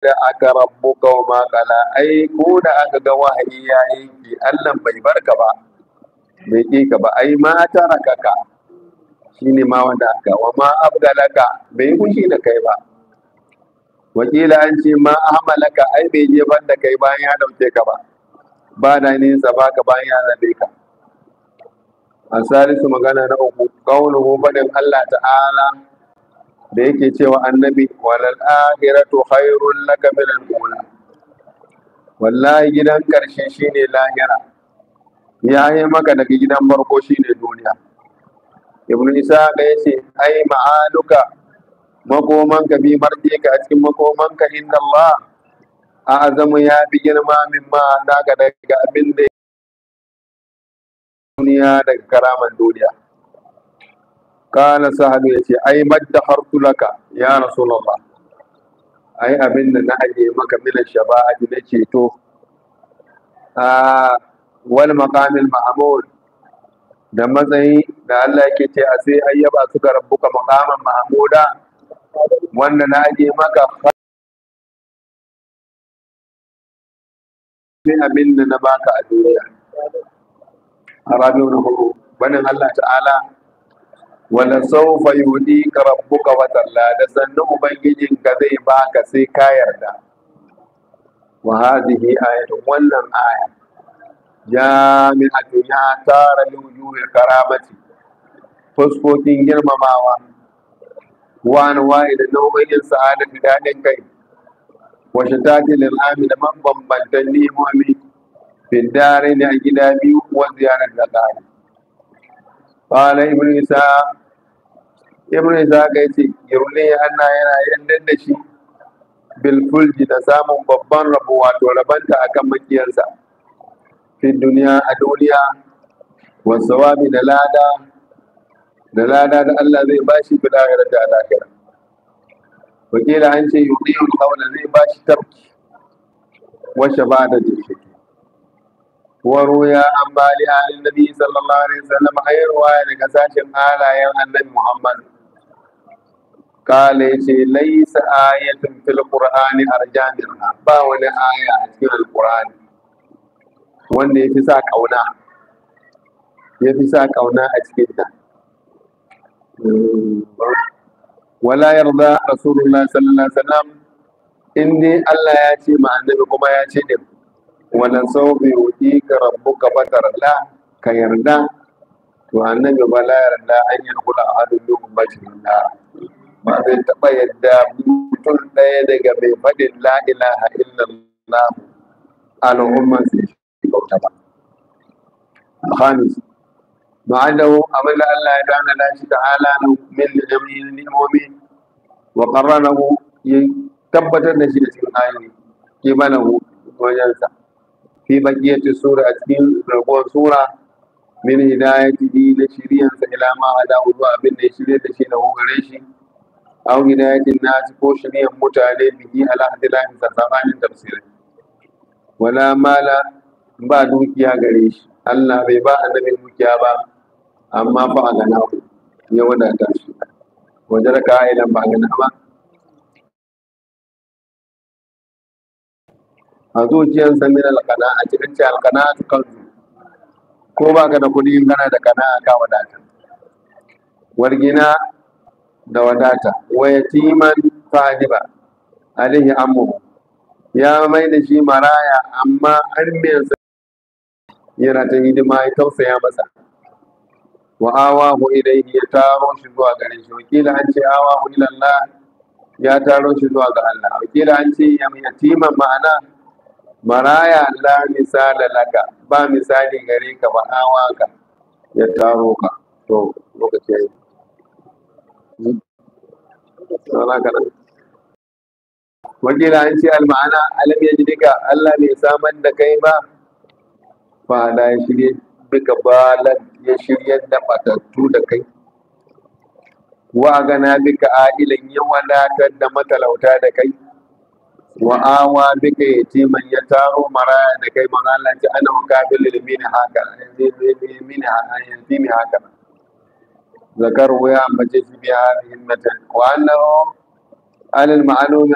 da aka rabu kawo makala ai ko da aka ga wahayi ya yanki Allah bai barka ba bai ki ka ba ai ma tara Shi ne ma wanda aka wa ma abgalaka bai kushi da kai ba wakila an ce ma ahmalaka ai bai je ban da kai bayan ya dauke ka ba ba da ne sa ka bayan ya zabe ka Salisu magana na uku kauluhu fadin Allah ta'ala da yake cewa annabi walal akhiratu khairul laka min al wallahi gidan karshe shine lahira yayi maka daga gidan farko shine duniya ibnu isa ga yace ai ma'aluka makomanka bi marjika a cikin makomanka inda allah azamu ya bi girma min ma daga daga abin da duniya daga karaman duniya kana sahabi yace ai maddahartu laka ya rasulullah ai abin da na aje maka milan shaba'a na ceto a wani makamin ma'amul. da matsayi da Allah yake ce a sai ayyaba suka rabbuka makaman ma'amuda. wanda na aje maka sai abin da na baka a duniya a rabin ruhu banin Allah ta'ala wala saufa yudika rabbuka wa talla da sannu ka zai baka sai ka yarda wa hadhihi ayatu wannan aya jami'atu ya tara wujuhil karamati fuskokin girmamawa Wani anwa'i da nau'in sa'adatu dadin kai wa shatati lil amin man bambantan limomi fi dare ne a gida biyu wa ziyarar da ƙari قال ابن إسحاق ibn zaka yace ya anna yana yandan da shi bil fulji da samun babban rabo wato rabanta akan makiyarsa fi duniya a duniya wa sawabi da lada da lada da Allah zai bashi bil akhirati a lahira wakila an ce yuqiyu qawla zai bashi tabki wa shabada jiki وروي عن بال آل النبي صلى الله عليه وسلم غير رواية daga آل أيام النبي محمد kala ya ce laisa ayatun fil qur'ani arjamin ba wani aya a cikin alqur'ani wanda yafi sa kauna yafi sa kauna a cikin ta wala yarda rasulullah sallallahu alaihi wasallam in dai Allah ya ce ma annabi kuma ya ce din wannan sau bai wuti ka rabu ka batar la ka yarda to annabi ba la yarda an yarda a hadin lokacin bacin lara ba zai taɓa yadda mutum ɗaya daga mai faɗin a ilaha na al'umman sai shi bauta ba khamis ma'anahu abin da Allah ya dana da shi ta'ala na min jami'in ni'imomi wa qarranahu ya tabbatar da shi da cikin ayoyi kimanahu wajensa fi baqiyati sura a cikin rabuwar sura min hidayatihi na shiriyansa ila ma hadahu zuwa abin da ya shirya da shi na gare shi au hidayatin nasi ko shiryan mutane bihi ala hadilahin zazzabanin tafsirin. wala mala ba dukiya gare shi Allah bai ba annabin dukiya ba amma ba a gana ya wadata shi wajen ka idan ba gana ba a zuciyar samin alkana a cikin ce alkana a cikin ko ba ka da kudi in da kana ka wadata wargina da wadata wa yatiman fahiba alaihi ammu ya mai da shi maraya amma armiyansa yana ta hidima ya tausaya masa wa awahu ilaihi ya taro shi zuwa gare shi wakila an ce awahu ila Allah ya taro shi zuwa ga Allah wakila an ce ya yatiman ma'ana maraya la misala laka ba misali gare ka ba awaka ya taro ka to lokacin wakila an ce alma'ana alam ya jidika Allah bai samar da kai ba fa da ya shirye duka balan ya shirye da matattu da kai wa gana bika ailan ya wadatar da matalauta da kai wa awa ce yatiman ya taro maraya da kai manzo Allah ce ana wa kabil lil haka yanzu haka ذكروا يا مجيء بهذه المتن وأنه على المعلوم